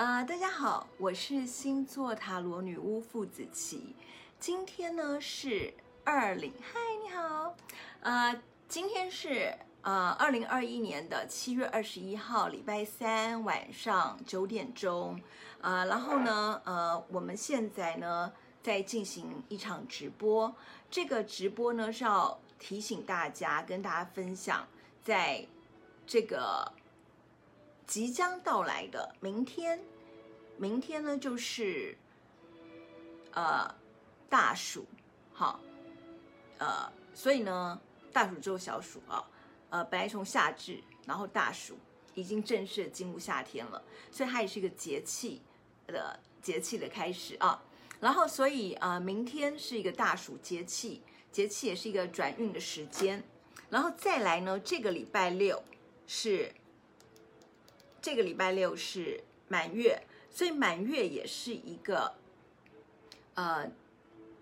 啊，uh, 大家好，我是星座塔羅女巫傅子綺。今天呢是二零，嗨，你好。啊、uh,，今天是呃二零二一年的七月二十一號，禮拜三晚上九點鐘。啊、uh,，然後呢，呃、uh,，我們現在呢在進行一場直播。這個直播呢是要提醒大家，跟大家分享，在這個即將到來的明天。明天呢就是，呃，大暑，好，呃，所以呢，大暑之後小暑啊、哦，呃，本來從夏至，然後大暑已經正式進入夏天了，所以它也是一個節氣的節氣的開始啊、哦。然後所以啊、呃，明天是一個大暑節氣，節氣也是一個轉運的時間。然後再來呢，這個禮拜六是這個禮拜六是滿月。所以滿月也是一個，呃，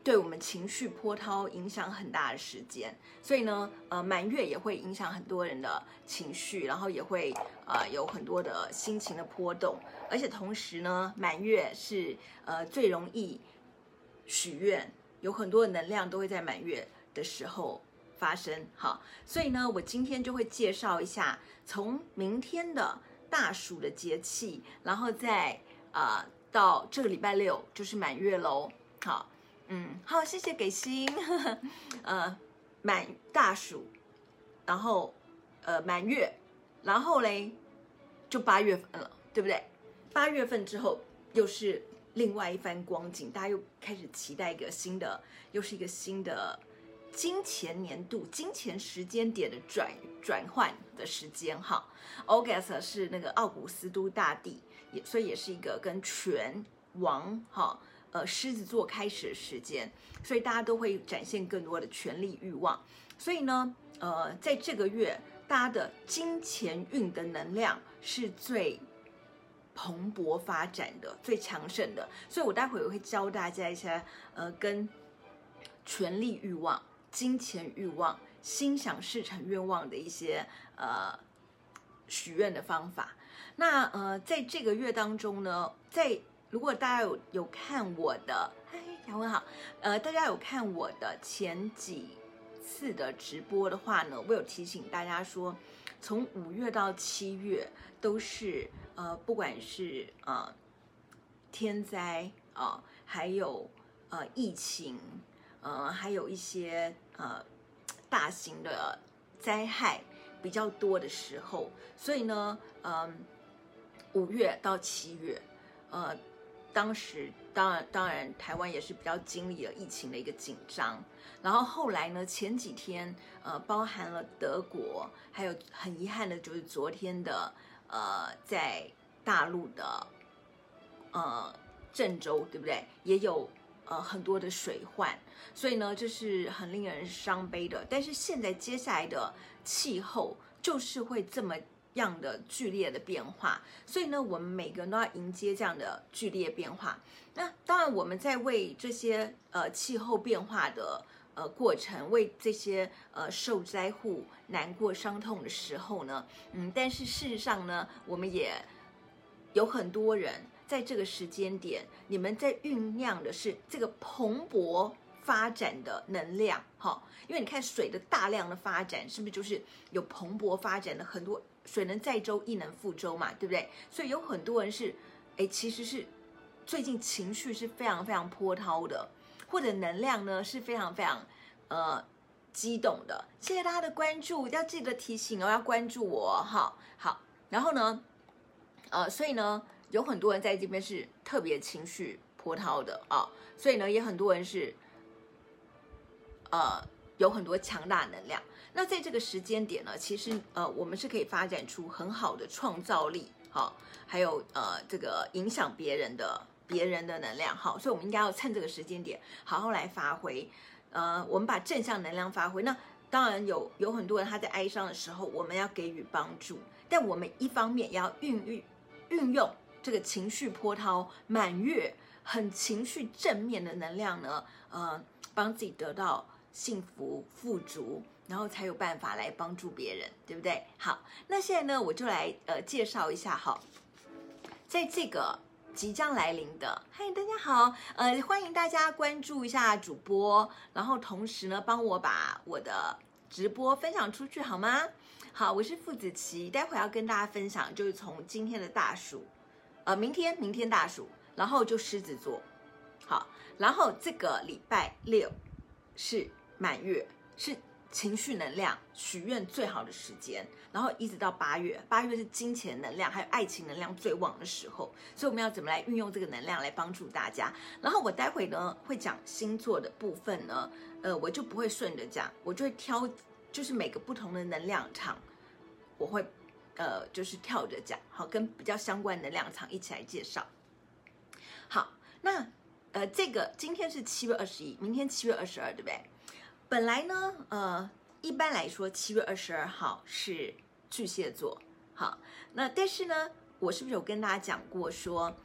對我們情緒波濤影響很大的時間。所以呢，呃，滿月也會影響很多人的情緒，然後也會，呃，有很多的心情的波動。而且同時呢，滿月是呃最容易許願，有很多的能量都會在滿月的時候發生。好，所以呢，我今天就會介紹一下，從明天的大暑的節氣，然後在。啊，uh, 到這個禮拜六就是滿月嘍，好，嗯，好，謝謝給星，呃、 uh,，滿大暑，然後，呃，滿月，然後嘞，就八月份了，對不對？八月份之後又是另外一番光景，大家又開始期待一個新的，又是一個新的金錢年度、金錢時間點的轉轉換的時間哈。August 是那個奧古斯都大帝。也所以也是一個跟權王哈、哦，呃獅子座開始的時間，所以大家都會展現更多的權力欲望。所以呢，呃，在這個月，大家的金錢運的能量是最蓬勃發展的、最強盛的。所以我待會我會教大家一些，呃，跟權力欲望、金錢欲望、心想事成願望的一些呃許願的方法。那呃，在這個月當中呢，在如果大家有有看我的，嗨，楊文好，呃，大家有看我的前幾次的直播的話呢，我有提醒大家說，從五月到七月都是呃，不管是呃天災啊，呃，還有呃疫情，呃，還有一些呃大型的災害。比較多的時候，所以呢，嗯，五月到七月，呃，當時當然當然，當然台灣也是比較經歷了疫情的一個緊張，然後後來呢，前幾天，呃，包含了德國，還有很遺憾的就是昨天的，呃，在大陸的，呃，鄭州，對不對？也有。呃，很多的水患，所以呢，這是很令人傷悲的。但是現在接下來的氣候就是會這麼樣的劇烈的變化，所以呢，我們每個人都要迎接這樣的劇烈變化。那當然，我們在為這些呃氣候變化的呃過程，為這些呃受災戶難過傷痛的時候呢，嗯，但是事實上呢，我們也有很多人。在這個時間點，你們在醞釀的是這個蓬勃發展的能量，哈、哦，因為你看水的大量的發展，是不是就是有蓬勃發展的？很多水能載舟，亦能覆舟嘛，對不對？所以有很多人是，誒、欸，其實是最近情緒是非常非常波濤的，或者能量呢是非常非常呃激動的。謝謝大家的關注，要記得提醒哦，要關注我哈、哦哦。好，然後呢，呃，所以呢。有很多人在這邊是特別情緒波濤的啊、哦，所以呢，也很多人是，呃，有很多強大能量。那在這個時間點呢，其實呃，我們是可以發展出很好的創造力好、哦，還有呃，這個影響別人的、別人的能量好，所以，我們應該要趁這個時間點，好好來發揮。呃，我們把正向能量發揮。那當然有有很多人他在哀傷的時候，我們要給予幫助，但我們一方面要運用、運用。這個情緒波濤滿月，很情緒正面的能量呢，呃，幫自己得到幸福富足，然後才有辦法來幫助別人，對不對？好，那現在呢，我就來呃介紹一下哈，在這個即將來臨的，嗨，大家好，呃，歡迎大家關注一下主播，然後同時呢，幫我把我的直播分享出去好嗎？好，我是傅子綺，待會要跟大家分享，就是從今天的大暑。呃，明天明天大暑，然後就獅子座，好，然後這個禮拜六是滿月，是情緒能量許願最好的時間，然後一直到八月，八月是金錢能量還有愛情能量最旺的時候，所以我們要怎麼來運用這個能量來幫助大家？然後我待會呢會講星座的部分呢，呃，我就不會順着講，我就會挑就是每個不同的能量場，我會。呃，就是跳着講，好，跟比較相關的兩場一起來介紹。好，那呃，這個今天是七月二十一，明天七月二十二，對不對？本來呢，呃，一般來說七月二十二號是巨蟹座，好，那但是呢，我是不是有跟大家講過說，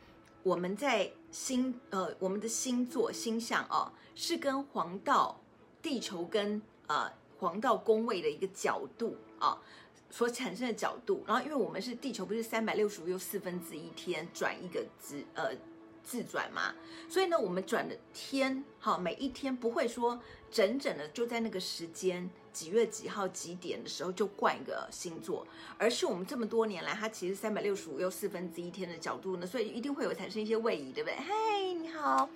我們在星呃我們的星座星象哦，是跟黃道、地球跟呃黃道宮位的一個角度啊。哦所產生的角度，然後因為我們是地球，不是三百六十五又四分之一天轉一個自呃自轉嘛，所以呢，我們轉的天哈，每一天不會說整整的就在那個時間幾月幾號幾點的時候就換一個星座，而是我們這麼多年來，它其實三百六十五又四分之一天的角度呢，所以一定會有產生一些位移，對不對？嗨，你好，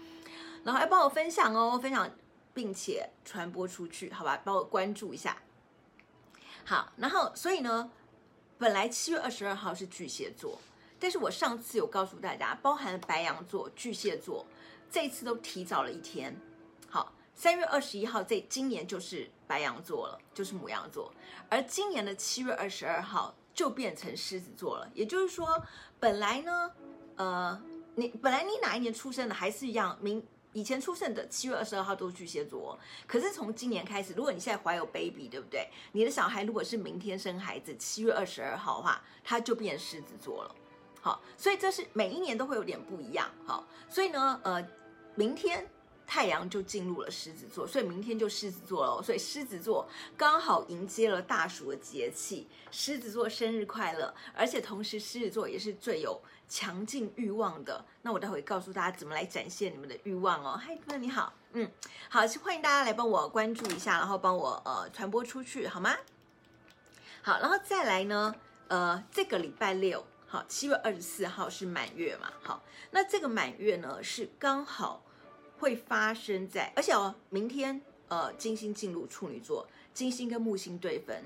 然後要幫我分享哦，分享並且傳播出去，好吧，幫我關注一下。好，然後所以呢，本來七月二十二號是巨蟹座，但是我上次有告訴大家，包含了白羊座、巨蟹座，這一次都提早了一天。好，三月二十一號這今年就是白羊座了，就是牡羊座，而今年的七月二十二號就變成獅子座了。也就是說，本來呢，呃，你本來你哪一年出生的還是一樣明。以前出生的七月二十二號都是巨蟹座，可是從今年開始，如果你現在懷有 baby，對不對？你的小孩如果是明天生孩子七月二十二號的話，他就變獅子座了。好，所以這是每一年都會有點不一樣。好，所以呢，呃，明天。太陽就進入了獅子座，所以明天就獅子座嘍。所以獅子座剛好迎接了大暑的節氣。獅子座生日快樂！而且同時，獅子座也是最有強勁慾望的。那我待會告訴大家怎麼來展現你們的慾望哦。嗨，那你好，嗯，好，歡迎大家來幫我關注一下，然後幫我呃傳播出去，好嗎？好，然後再來呢，呃，這個禮拜六，好，七月二十四號是滿月嘛？好，那這個滿月呢是剛好。會發生在，而且哦，明天呃，金星進入處女座，金星跟木星對分，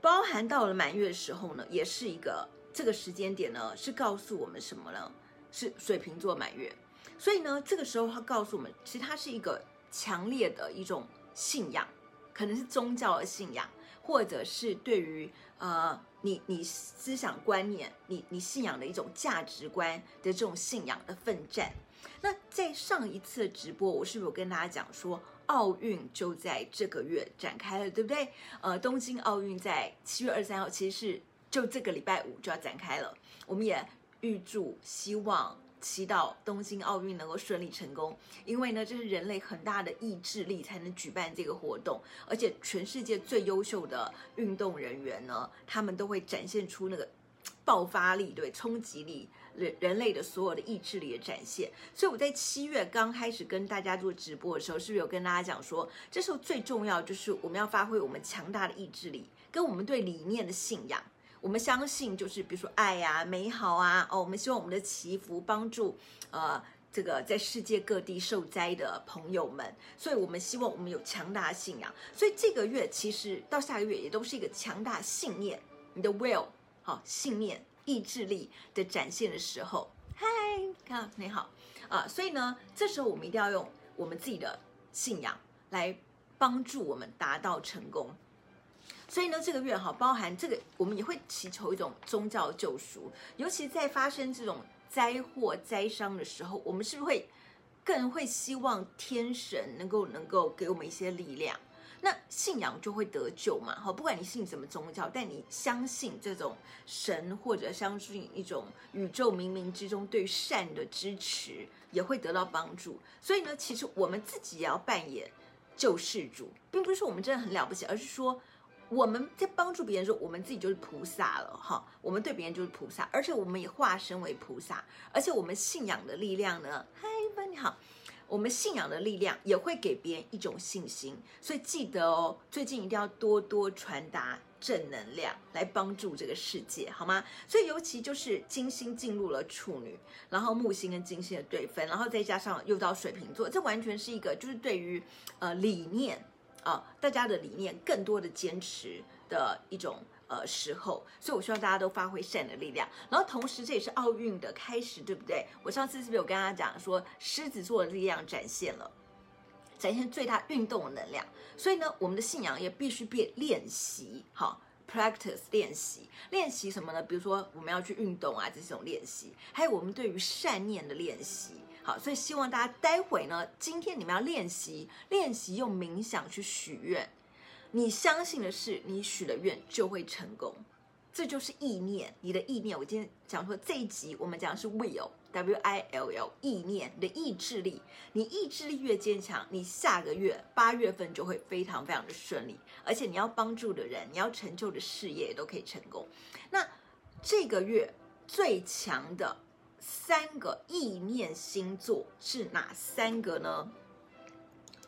包含到了滿月的時候呢，也是一個這個時間點呢，是告訴我們什麼呢？是水瓶座滿月，所以呢，這個時候它告訴我們，其實它是一個強烈的一種信仰，可能是宗教的信仰，或者是對於呃你你思想觀念、你你信仰的一種價值觀的這種信仰的奮戰。那在上一次直播，我是不是有跟大家講說，奧運就在這個月展開了，對不對？呃，東京奧運在七月二十三號，其實是就這個禮拜五就要展開了。我們也預祝，希望、祈禱東京奧運能夠順利成功，因為呢，這是人類很大的意志力才能舉辦這個活動，而且全世界最優秀的運動人員呢，他們都會展現出那個爆發力，對，衝擊力。人人類的所有的意志力的展現，所以我在七月剛開始跟大家做直播的時候，是不是有跟大家講說，這時候最重要就是我們要發揮我們強大的意志力，跟我們對理念的信仰。我們相信就是比如說愛啊、美好啊，哦，我們希望我們的祈福幫助呃這個在世界各地受災的朋友們，所以我們希望我們有強大的信仰。所以這個月其實到下個月也都是一個強大信念，你的 will 好信念。意志力的展現的時候，嗨，你好，你好，啊，所以呢，這時候我們一定要用我們自己的信仰來幫助我們達到成功。所以呢，這個月哈，包含這個，我們也會祈求一種宗教救贖，尤其在發生這種災禍、災傷的時候，我們是不是會更會希望天神能夠能夠給我們一些力量？那信仰就會得救嘛？哈，不管你信什麼宗教，但你相信這種神或者相信一種宇宙冥冥之中對善的支持，也會得到幫助。所以呢，其實我們自己也要扮演救世主，並不是說我們真的很了不起，而是說我們在幫助別人的時候，我們自己就是菩薩了。哈，我們對別人就是菩薩，而且我們也化身為菩薩，而且我們信仰的力量呢，嗨，你好。我們信仰的力量也會給別人一種信心，所以記得哦，最近一定要多多傳達正能量，來幫助這個世界，好嗎？所以尤其就是金星進入了處女，然後木星跟金星的對分，然後再加上又到水瓶座，這完全是一個就是對於呃，理念啊、呃，大家的理念更多的堅持的一種。呃，時候，所以我希望大家都發揮善的力量。然後同時，這也是奧運的開始，對不對？我上次是不是有跟大家講說，獅子座的力量展現了，展現最大運動的能量。所以呢，我們的信仰也必須變練習，好，practice 練習。練習什麼呢？比如說，我們要去運動啊，這種練習，還有我們對於善念的練習，好。所以希望大家待會呢，今天你們要練習練習用冥想去許願。你相信的是，你許的願就會成功，這就是意念。你的意念，我今天講說，這一集，我們講的是 Will，W-I-L-L，意念，你的意志力，你意志力越堅強，你下個月八月份就會非常非常的順利，而且你要幫助的人，你要成就的事業也都可以成功。那這個月最強的三個意念星座是哪三個呢？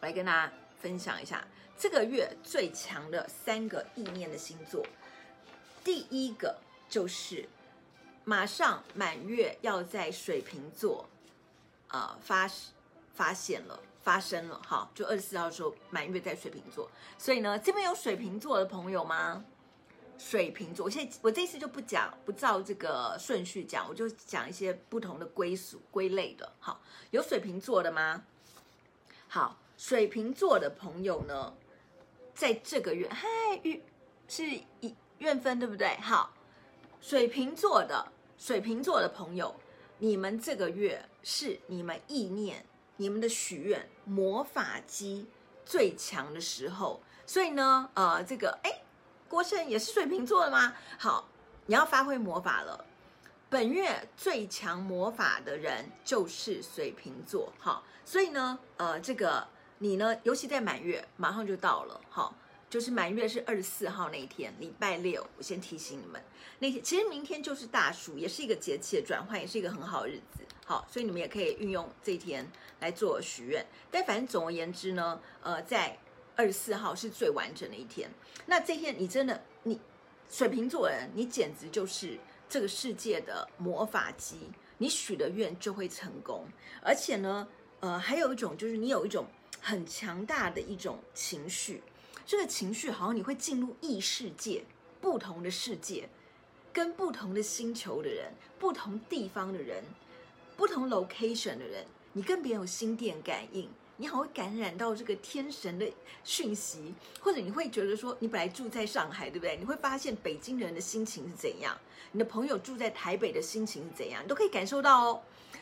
我來跟大家分享一下。這個月最強的三個意念的星座，第一個就是馬上滿月要在水瓶座，呃發發現了發生了，好，就二十四號的時候滿月在水瓶座，所以呢，這邊有水瓶座的朋友嗎？水瓶座，我現在我這次就不講不照這個順序講，我就講一些不同的歸屬歸類的，好，有水瓶座的嗎？好，水瓶座的朋友呢？在這個月，嗨，是月份對不對？好，水瓶座的水瓶座的朋友，你們這個月是你們意念、你們的許願魔法機最強的時候。所以呢，呃，這個，哎，郭勝也是水瓶座的嗎？好，你要發揮魔法了。本月最強魔法的人就是水瓶座。好，所以呢，呃，這個。你呢？尤其在滿月，馬上就到了，好，就是滿月是二十四號那一天，禮拜六。我先提醒你們，那天其實明天就是大暑，也是一個節氣的轉換，也是一個很好的日子，好，所以你們也可以運用這一天來做許願。但反正總而言之呢，呃，在二十四號是最完整的一天。那這天你真的你，水瓶座人，你簡直就是這個世界的魔法機，你許的願就會成功。而且呢，呃，還有一種就是你有一種。很強大的一種情緒，這個情緒好像你會進入異世界、不同的世界，跟不同的星球的人、不同地方的人、不同 location 的人，你跟別人有心電感應，你好會感染到這個天神的訊息，或者你會覺得說，你本來住在上海，對不對？你會發現北京人的心情是怎樣，你的朋友住在台北的心情是怎樣，你都可以感受到哦。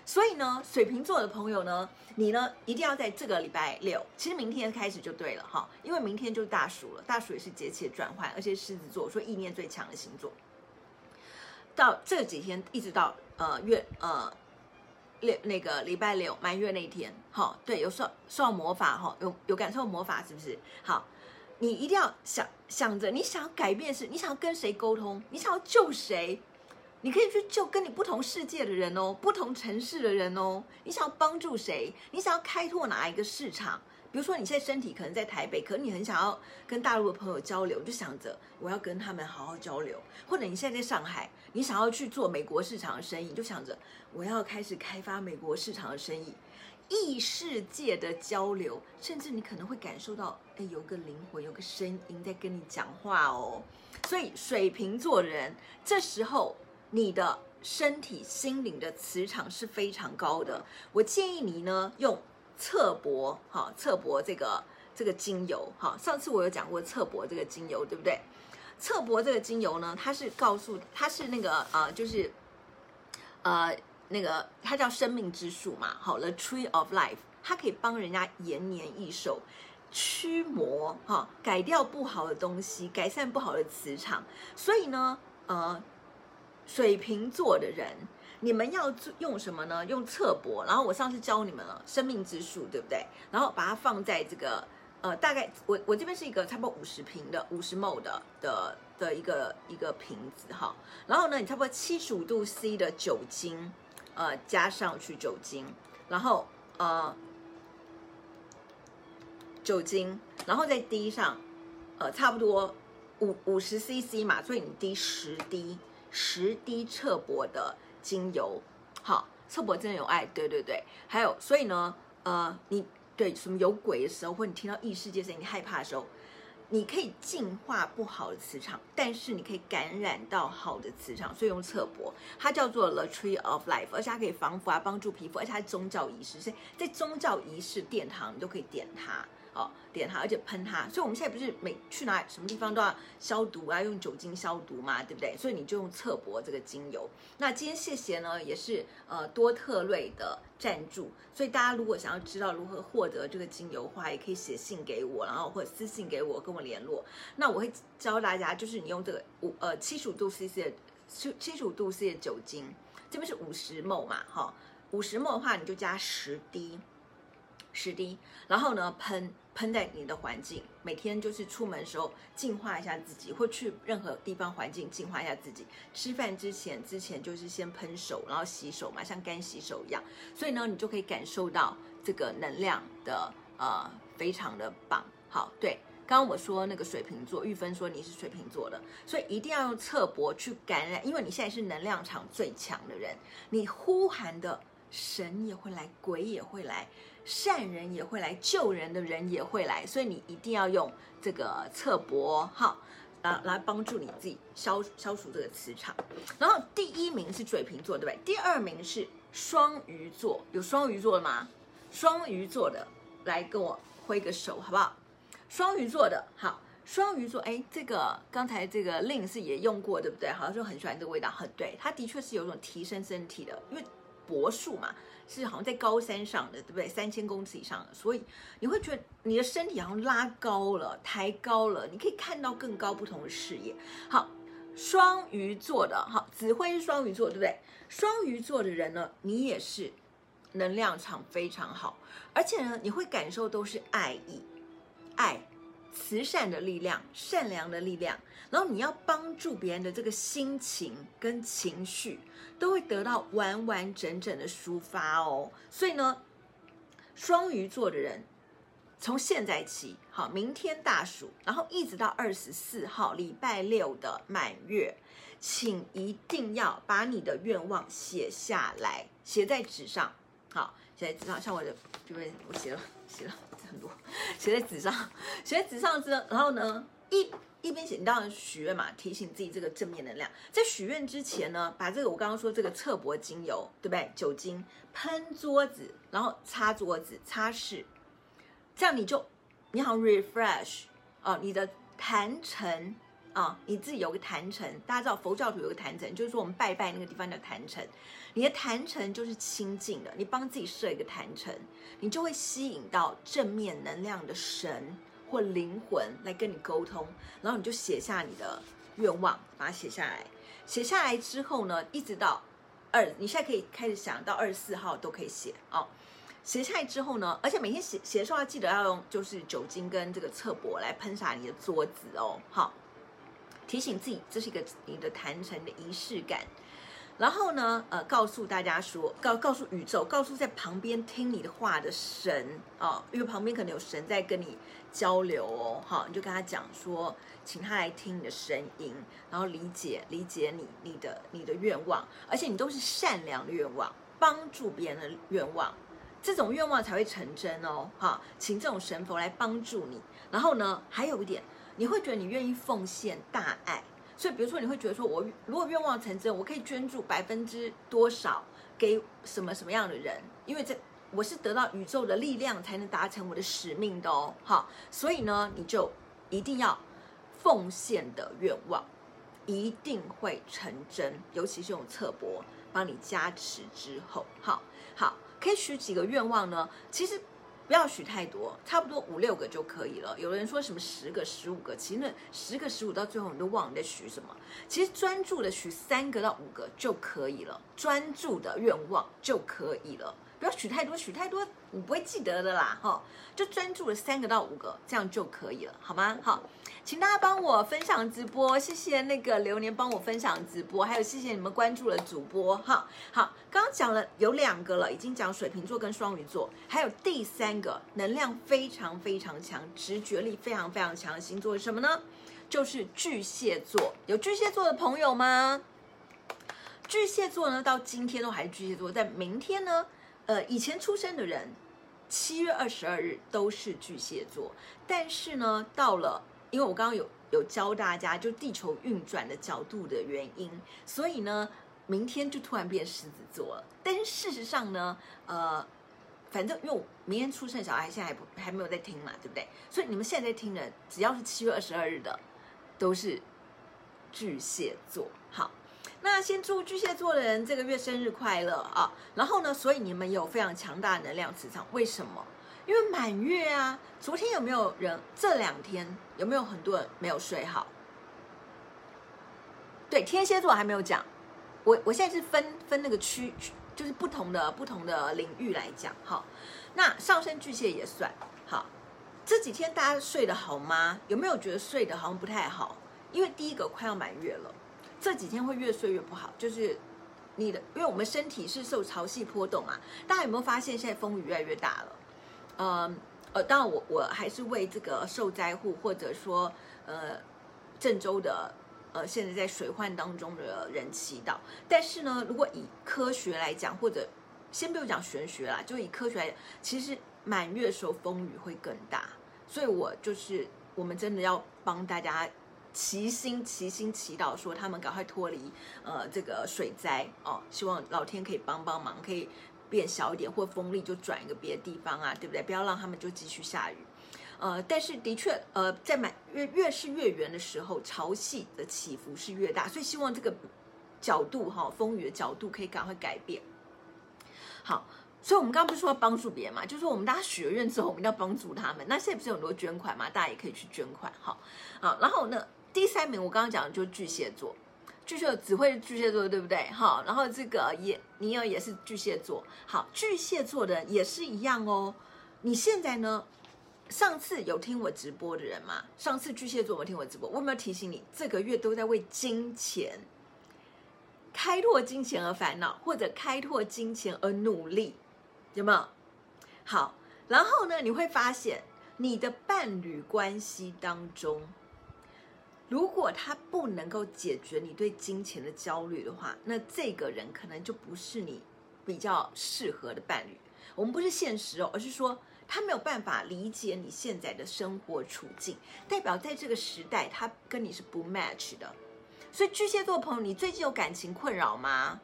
所以呢，水瓶座的朋友呢，你呢一定要在這個禮拜六，其實明天開始就對了哈，因為明天就是大暑了，大暑也是節氣轉換，而且獅子座所以意念最強的星座，到這幾天一直到呃月呃六那個禮拜六滿月那一天，好，對，有受受到魔法哈，有有感受魔法是不是？好，你一定要想想着，你想要改變是，你想要跟誰溝通，你想要救誰。你可以去救跟你不同世界的人哦，不同城市的人哦。你想要幫助誰？你想要開拓哪一個市場？比如說，你現在身體可能在台北，可能你很想要跟大陸的朋友交流，就想着我要跟他們好好交流。或者你現在在上海，你想要去做美國市場的生意，就想着我要開始開發美國市場的生意。異世界的交流，甚至你可能會感受到，哎，有個靈魂，有個聲音在跟你講話哦。所以水瓶座人這時候。你的身體心靈的磁場是非常高的。我建議你呢用側柏哈，側柏這個這個精油哈、哦。上次我有講過側柏這個精油，對不對？側柏這個精油呢，它是告訴它是那個呃，就是呃那個它叫生命之樹嘛，好、哦、了，Tree of Life，它可以幫人家延年益壽、驅魔哈、哦、改掉不好的東西、改善不好的磁場。所以呢，呃。水瓶座的人，你們要做用什麼呢？用側柏，然後我上次教你們了生命之樹，對不對？然後把它放在這個，呃，大概我我這邊是一個差不多五十瓶的、五十 ml 的的的一個一個瓶子哈。然後呢，你差不多七十五度 C 的酒精，呃，加上去酒精，然後呃酒精，然後再滴上，呃，差不多五五十 CC 嘛，所以你滴十滴。十滴側柏的精油，好，側柏真的有愛，對對對，還有，所以呢，呃，你對什麼有鬼的時候，或者你聽到異世界聲音，你害怕的時候，你可以淨化不好的磁場，但是你可以感染到好的磁場，所以用側柏，它叫做 The Tree of Life，而且它可以防腐啊，幫助皮膚，而且它是宗教儀式，所以在宗教儀式殿堂你都可以點它。哦、點它，而且噴它，所以我們現在不是每去哪什麼地方都要消毒，啊，要用酒精消毒嘛，對不對？所以你就用側柏這個精油。那今天謝謝呢，也是呃多特瑞的贊助，所以大家如果想要知道如何獲得這個精油的話，也可以寫信給我，然後或者私信給我跟我聯絡。那我會教大家，就是你用這個五呃七十五度 CC 的七七十五度 CC 的酒精，這邊是五十 ml 嘛，哈、哦，五十 ml 的話你就加十滴，十滴，然後呢噴。噴噴在你的環境，每天就是出門時候淨化一下自己，或去任何地方環境淨化一下自己。吃飯之前，之前就是先噴手，然後洗手嘛，像乾洗手一樣。所以呢，你就可以感受到這個能量的呃，非常的棒。好，對，剛剛我說那個水瓶座，玉芬說你是水瓶座的，所以一定要用側柏去感染，因為你現在是能量場最強的人，你呼喊的神也會來，鬼也會來。善人也會來，救人的人也會來，所以你一定要用這個側柏哈，來來幫助你自己消消除這個磁場。然後第一名是水瓶座，對不對？第二名是雙魚座，有雙魚座的嗎？雙魚座的來跟我揮個手，好不好？雙魚座的好，雙魚座，哎，這個剛才這個 link 是也用過，對不對？好，就很喜歡這個味道，很對，它的確是有一種提升身體的，因為柏樹嘛。是好像在高山上的，對不對？三千公尺以上的，所以你會覺得你的身體好像拉高了、抬高了，你可以看到更高不同的視野。好，雙魚座的，好，子輝是雙魚座，對不對？雙魚座的人呢，你也是能量場非常好，而且呢，你會感受都是愛意、愛、慈善的力量、善良的力量。然後你要幫助別人的這個心情跟情緒，都會得到完完整整的抒發哦。所以呢，雙魚座的人，從現在起，好，明天大暑，然後一直到二十四號禮拜六的滿月，請一定要把你的願望寫下來，寫在紙上。好，寫在紙上，像我的這邊，我寫了，寫了很多，寫在紙上，寫在紙上之後，然後呢，一。一邊寫，你當然許願嘛，提醒自己這個正面能量。在許願之前呢，把這個我剛剛說這個側柏精油，對不對？酒精噴桌子，然後擦桌子，擦拭，這樣你就你好 refresh 哦，你的壇城啊，你自己有個壇城，大家知道佛教徒有個壇城，就是說我們拜拜那個地方叫壇城，你的壇城就是清靜的，你幫自己設一個壇城，你就會吸引到正面能量的神。或靈魂來跟你溝通，然後你就寫下你的願望，把它寫下來。寫下來之後呢，一直到二，你現在可以開始想到二十四號都可以寫哦。寫下來之後呢，而且每天寫寫的時候，要記得要用就是酒精跟這個側柏來噴灑你的桌子哦。好，哦，提醒自己，這是一個你的談成的儀式感。然後呢，呃，告訴大家說，告告訴宇宙，告訴在旁邊聽你的話的神啊、哦，因為旁邊可能有神在跟你交流哦，好、哦，你就跟他講說，請他來聽你的聲音，然後理解理解你你的你的願望，而且你都是善良的願望，幫助別人的願望，這種願望才會成真哦，好、哦，請這種神佛來幫助你。然後呢，還有一點，你會覺得你願意奉獻大愛。所以，比如說，你會覺得說我，我如果願望成真，我可以捐助百分之多少給什麼什麼樣的人。因為這我是得到宇宙的力量才能達成我的使命的哦。好，所以呢，你就一定要奉獻的願望一定會成真，尤其是用側柏幫你加持之後，好好，可以許幾個願望呢？其實。不要許太多，差不多五六個就可以了。有的人說什麼十個、十五個，其實那十個、十五到最後你都忘了你在許什麼。其實專注的許三個到五個就可以了，專注的願望就可以了。不要許太多，許太多，你不會記得的啦，哈、哦，就專注了三個到五個，這樣就可以了，好嗎？好，請大家幫我分享直播，謝謝那個流年幫我分享直播，還有謝謝你們關注了主播，哈、哦，好，剛剛講了有兩個了，已經講水瓶座跟雙魚座，還有第三個能量非常非常強、直覺力非常非常強的星座是什麼呢？就是巨蟹座，有巨蟹座的朋友嗎？巨蟹座呢，到今天都還是巨蟹座，在明天呢？呃，以前出生的人，七月二十二日都是巨蟹座，但是呢，到了，因為我剛剛有有教大家，就地球運轉的角度的原因，所以呢，明天就突然變獅子座了。但是事實上呢，呃，反正因為我明天出生的小孩現在還不還沒有在聽嘛，對不對？所以你們現在在聽的，只要是七月二十二日的，都是巨蟹座。好。那先祝巨蟹座的人這個月生日快樂啊！然後呢，所以你們有非常強大的能量磁場，為什麼？因為滿月啊！昨天有沒有人？這兩天有沒有很多人沒有睡好？對，天蠍座還沒有講。我我現在是分分那個區，就是不同的不同的領域來講哈。那上升巨蟹也算好。這幾天大家睡得好嗎？有沒有覺得睡得好像不太好？因為第一個快要滿月了。這幾天會越睡越不好，就是你的，因為我們身體是受潮汐波動啊。大家有沒有發現現在風雨越來越大了？嗯，呃，當然我我還是為這個受災戶，或者說，呃，鄭州的，呃，現在在水患當中的人祈禱。但是呢，如果以科學來講，或者先不用講玄學啦，就以科學來講，其實滿月的時候風雨會更大。所以我就是，我們真的要幫大家。齊心齊心祈禱，說他們趕快脫離呃這個水災哦，希望老天可以幫幫忙，可以變小一點，或風力就轉一個別的地方啊，對不對？不要讓他們就繼續下雨。呃，但是的確，呃，在滿月越，越是月圓的時候，潮汐的起伏是越大，所以希望這個角度哈、哦，風雨的角度可以趕快改變。好，所以我們剛剛不是說要幫助別人嘛，就是說我們大家許了願之後，我們一定要幫助他們。那現在不是有很多捐款嘛，大家也可以去捐款。好，啊，然後呢？第三名，我剛剛講的就是巨蟹座，巨蟹只會巨蟹座，對不對？好，然後這個也你爾也，也是巨蟹座，好，巨蟹座的也是一樣哦。你現在呢？上次有聽我直播的人嗎？上次巨蟹座有沒有聽我直播，我有沒有提醒你？這個月都在為金錢開拓金錢而煩惱，或者開拓金錢而努力，有沒有？好，然後呢，你會發現你的伴侶關係當中。如果他不能夠解決你對金錢的焦慮的話，那這個人可能就不是你比較適合的伴侶。我們不是現實哦，而是說他沒有辦法理解你現在的生活處境，代表在這個時代他跟你是不 match 的。所以巨蟹座朋友，你最近有感情困擾嗎？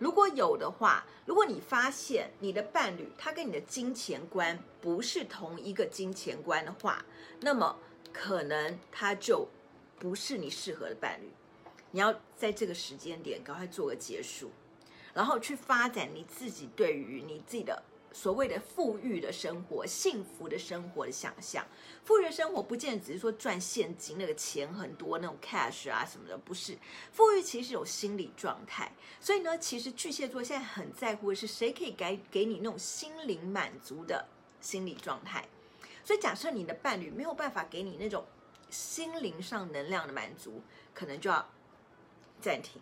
如果有的話，如果你發現你的伴侶他跟你的金錢觀不是同一個金錢觀的話，那麼可能他就。不是你適合的伴侶，你要在這個時間點趕快做個結束，然後去發展你自己對於你自己的所謂的富裕的生活、幸福的生活的想象。富裕的生活不見得只是說賺現金，那個錢很多，那種 cash 啊什麼的不是。富裕其實有心理狀態，所以呢，其實巨蟹座現在很在乎的是誰可以給給你那種心靈滿足的心理狀態。所以假設你的伴侶沒有辦法給你那種心靈上能量的滿足，可能就要暫停，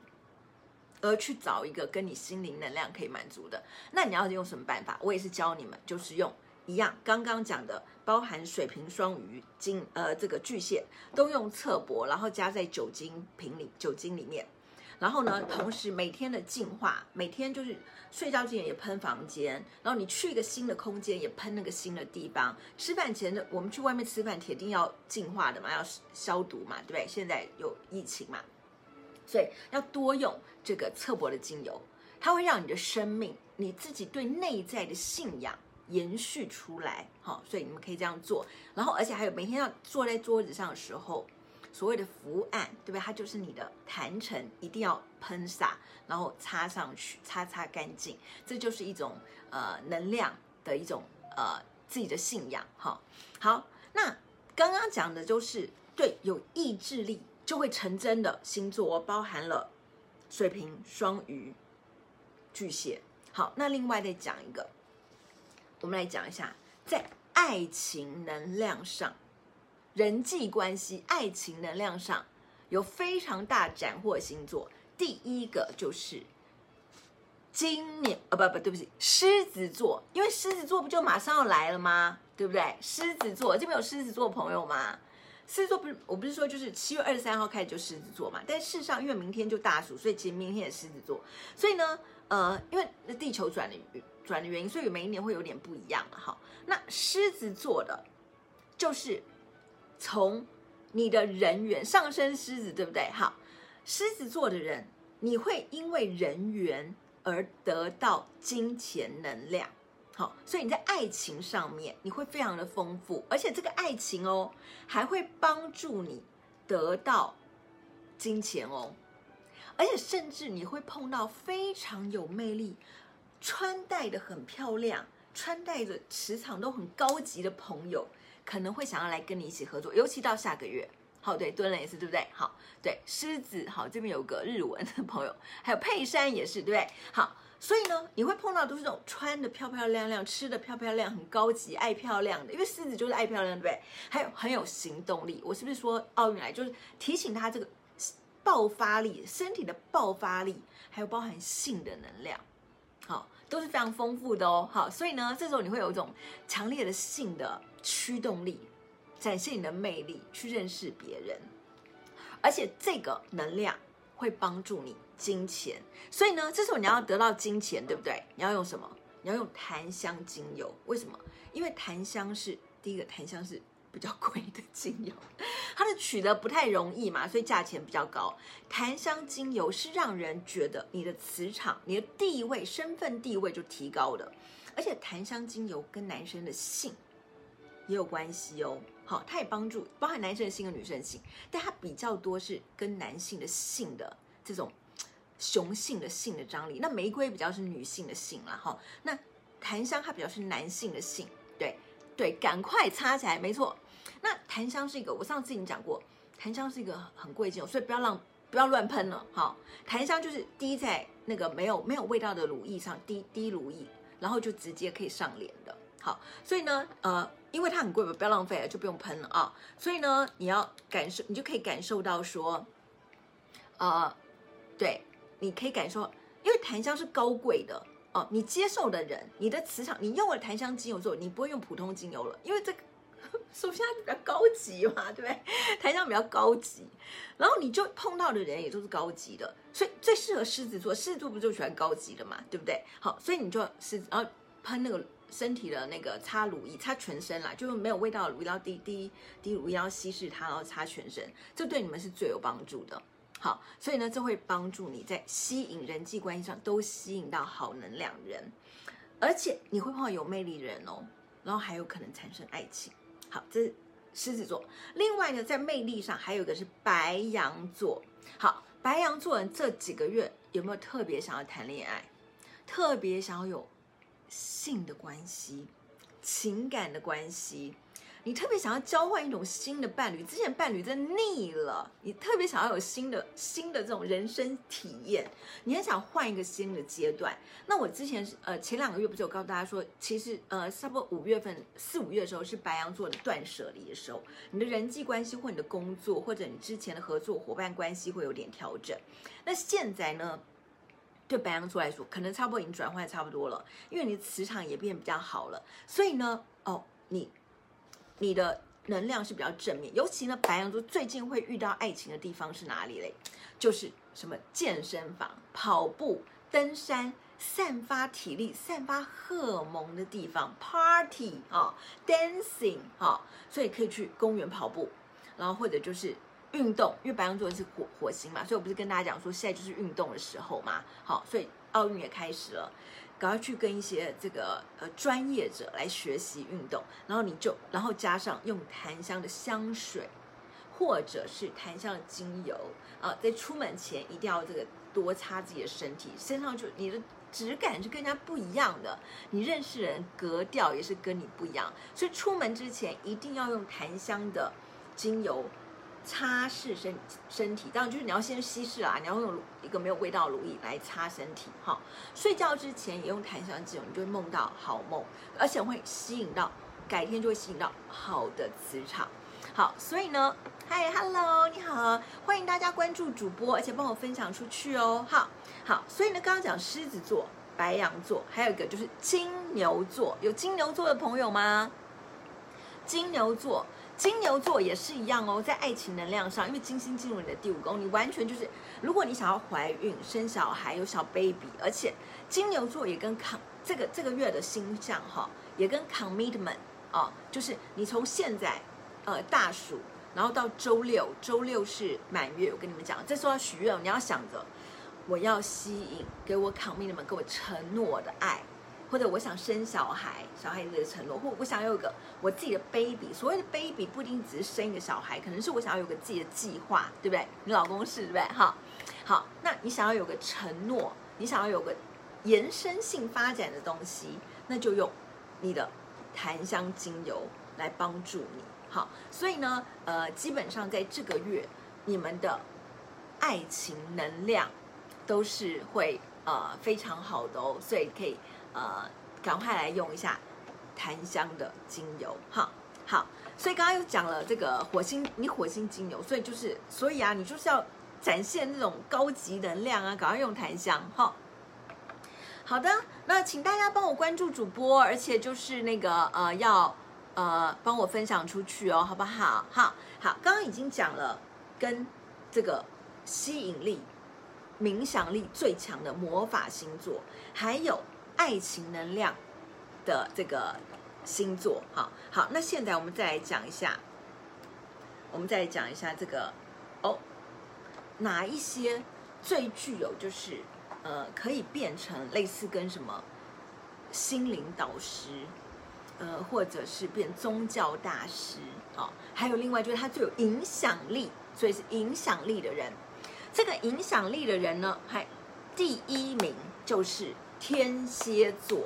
而去找一個跟你心靈能量可以滿足的。那你要用什麼辦法？我也是教你們，就是用一樣剛剛講的，包含水瓶、雙魚金、金呃這個巨蟹，都用側柏，然後加在酒精瓶裡酒精裡面。然後呢，同時每天的淨化，每天就是睡覺之前也噴房間，然後你去一個新的空間也噴那個新的地方。吃飯前的，我們去外面吃飯，鐵定要淨化的嘛，要消毒嘛，對不對？現在有疫情嘛，所以要多用這個側柏的精油，它會讓你的生命、你自己對內在的信仰延續出來。好、哦，所以你們可以這樣做。然後，而且還有每天要坐在桌子上的時候。所謂的伏案，對不對？它就是你的壇城，一定要噴灑，然後擦上去，擦擦乾淨。這就是一種呃能量的一種呃自己的信仰。好、哦，好，那剛剛講的就是對有意志力就會成真的星座，包含了水瓶、雙魚、巨蟹。好，那另外再講一個，我們來講一下在愛情能量上。人際關係、愛情能量上有非常大斬獲。星座第一個就是今年啊、哦，不不對不起，獅子座，因為獅子座不就馬上要來了嗎？對不對？獅子座這邊有獅子座朋友嗎？獅子座不是我，不是說就是七月二十三號開始就獅子座嘛？但事實上，因為明天就大暑，所以其實明天也獅子座。所以呢，呃，因為地球轉的轉的原因，所以每一年會有點不一樣了哈。那獅子座的就是。從你的人緣上升獅子，對不對？好，獅子座的人，你會因為人緣而得到金錢能量。好，所以你在愛情上面你會非常的豐富，而且這個愛情哦，還會幫助你得到金錢哦，而且甚至你會碰到非常有魅力、穿戴得很漂亮、穿戴得磁場都很高級的朋友。可能會想要來跟你一起合作，尤其到下個月，好，對，蹲了也是對不對？好，對，獅子，好，這邊有個日文的朋友，還有佩珊也是對不對？好，所以呢，你會碰到都是這種穿得漂漂亮亮，吃得漂漂亮，很高級，愛漂亮的，因為獅子就是愛漂亮的，對不對？還有很有行動力，我是不是說奧運來就是提醒他這個爆發力，身體的爆發力，還有包含性的能量，好。都是非常豐富的哦，好，所以呢，這時候你會有一種強烈的性的驅動力，展現你的魅力去認識別人，而且這個能量會幫助你金錢，所以呢，這時候你要得到金錢，對不對？你要用什麼？你要用檀香精油，為什麼？因為檀香是第一個，檀香是。比較貴的精油，它的取得不太容易嘛，所以價錢比較高。檀香精油是讓人覺得你的磁場、你的地位、身份地位就提高的，而且檀香精油跟男生的性也有關係哦。好、哦，它也幫助包含男生的性跟女生的性，但它比較多是跟男性的性的這種雄性的性的張力。那玫瑰比較是女性的性啦，哈、哦，那檀香它比較是男性的性。對對，趕快擦起來，沒錯。那檀香是一個，我上次已經講過，檀香是一個很貴的精油，所以不要浪，不要亂噴了。哈、哦。檀香就是滴在那個沒有沒有味道的乳液上，滴滴乳液，然後就直接可以上臉的。好，所以呢，呃，因為它很貴嘛，不要浪費了，就不用噴了啊、哦。所以呢，你要感受，你就可以感受到說，呃，對，你可以感受，因為檀香是高貴的哦。你接受的人，你的磁場，你用了檀香精油之後，你不會用普通精油了，因為這個。首先，它比較高級嘛，對不對？台上比較高級，然後你就碰到的人也都是高級的，所以最適合獅子座，獅子座不就喜歡高級的嘛，對不對？好，所以你就是然後噴那個身體的那個擦乳液，擦全身啦，就是沒有味道的乳液，然後滴滴滴乳液要稀釋它，然後擦全身，這對你們是最有幫助的。好，所以呢，這會幫助你在吸引人際關係上都吸引到好能量人，而且你會碰到有魅力的人哦，然後還有可能產生愛情。好，這是獅子座。另外呢，在魅力上，還有一個是白羊座。好，白羊座人這幾個月有沒有特別想要談戀愛，特別想要有性的關係、情感的關係？你特別想要交換一種新的伴侶，之前伴侶真膩了。你特別想要有新的新的這種人生體驗，你很想換一個新的階段。那我之前呃前兩個月不是有告訴大家說，其實呃差不多五月份四五月的時候是白羊座的斷舍離的時候，你的人際關係或你的工作或者你之前的合作夥伴關係會有點調整。那現在呢，對白羊座來說，可能差不多已經轉換差不多了，因為你的磁場也變比較好了。所以呢，哦你。你的能量是比較正面，尤其呢，白羊座最近會遇到愛情的地方是哪裡嘞？就是什麼健身房、跑步、登山，散發體力、散發荷爾蒙的地方，party 啊、哦、dancing 啊、哦，所以可以去公園跑步，然後或者就是運動，因為白羊座是火火星嘛，所以我不是跟大家講說現在就是運動的時候嘛，好，所以奧運也開始了。趕快去跟一些這個呃專業者來學習運動，然後你就然後加上用檀香的香水，或者是檀香的精油啊，在出門前一定要這個多擦自己的身體，身上就你的質感是更加不一樣的，你認識人格調也是跟你不一樣，所以出門之前一定要用檀香的精油。擦拭身身體，當然就是你要先稀釋啊，你要用一個沒有味道的乳液來擦身體。哈，睡覺之前也用檀香精油，你就會夢到好夢，而且會吸引到，改天就會吸引到好的磁場。好，所以呢，嗨，hello，你好，啊，歡迎大家關注主播，而且幫我分享出去哦。好好，所以呢，剛剛講獅子座、白羊座，還有一個就是金牛座，有金牛座的朋友嗎？金牛座。金牛座也是一樣哦，在愛情能量上，因為金星進入你的第五宮，你完全就是，如果你想要懷孕、生小孩、有小 baby，而且金牛座也跟 com, 這個這個月的星象哈、哦，也跟 commitment 啊、哦，就是你從現在呃大暑，然後到週六，週六是滿月，我跟你們講，這時候要許願，你要想着我要吸引給我 commitment 給我承諾的愛。或者我想生小孩，小孩子的承諾，或我想要有個我自己的 baby。所謂的 baby 不一定只是生一個小孩，可能是我想要有個自己的計劃，對不對？你老公是對不對哈？好，那你想要有個承諾，你想要有個延伸性發展的東西，那就用你的檀香精油來幫助你。好，所以呢，呃，基本上在這個月，你們的愛情能量都是會呃非常好的哦，所以可以。呃，趕快來用一下檀香的精油，哈，好，所以剛剛又講了這個火星，你火星精油，所以就是，所以啊，你就是要展現那種高級能量啊，趕快用檀香，哈，好的，那請大家幫我關注主播，而且就是那個呃，要呃幫我分享出去哦，好不好？好，好，剛剛已經講了跟這個吸引力，冥想力最強的魔法星座，還有。愛情能量的這個星座，好、哦，好。那現在我們再來講一下，我們再講一下這個哦，哪一些最具有就是呃，可以變成類似跟什麼心靈導師，呃，或者是變宗教大師哦，還有另外就是他最有影響力，所以是影響力的人。這個影響力的人呢，還第一名就是。天蠍座，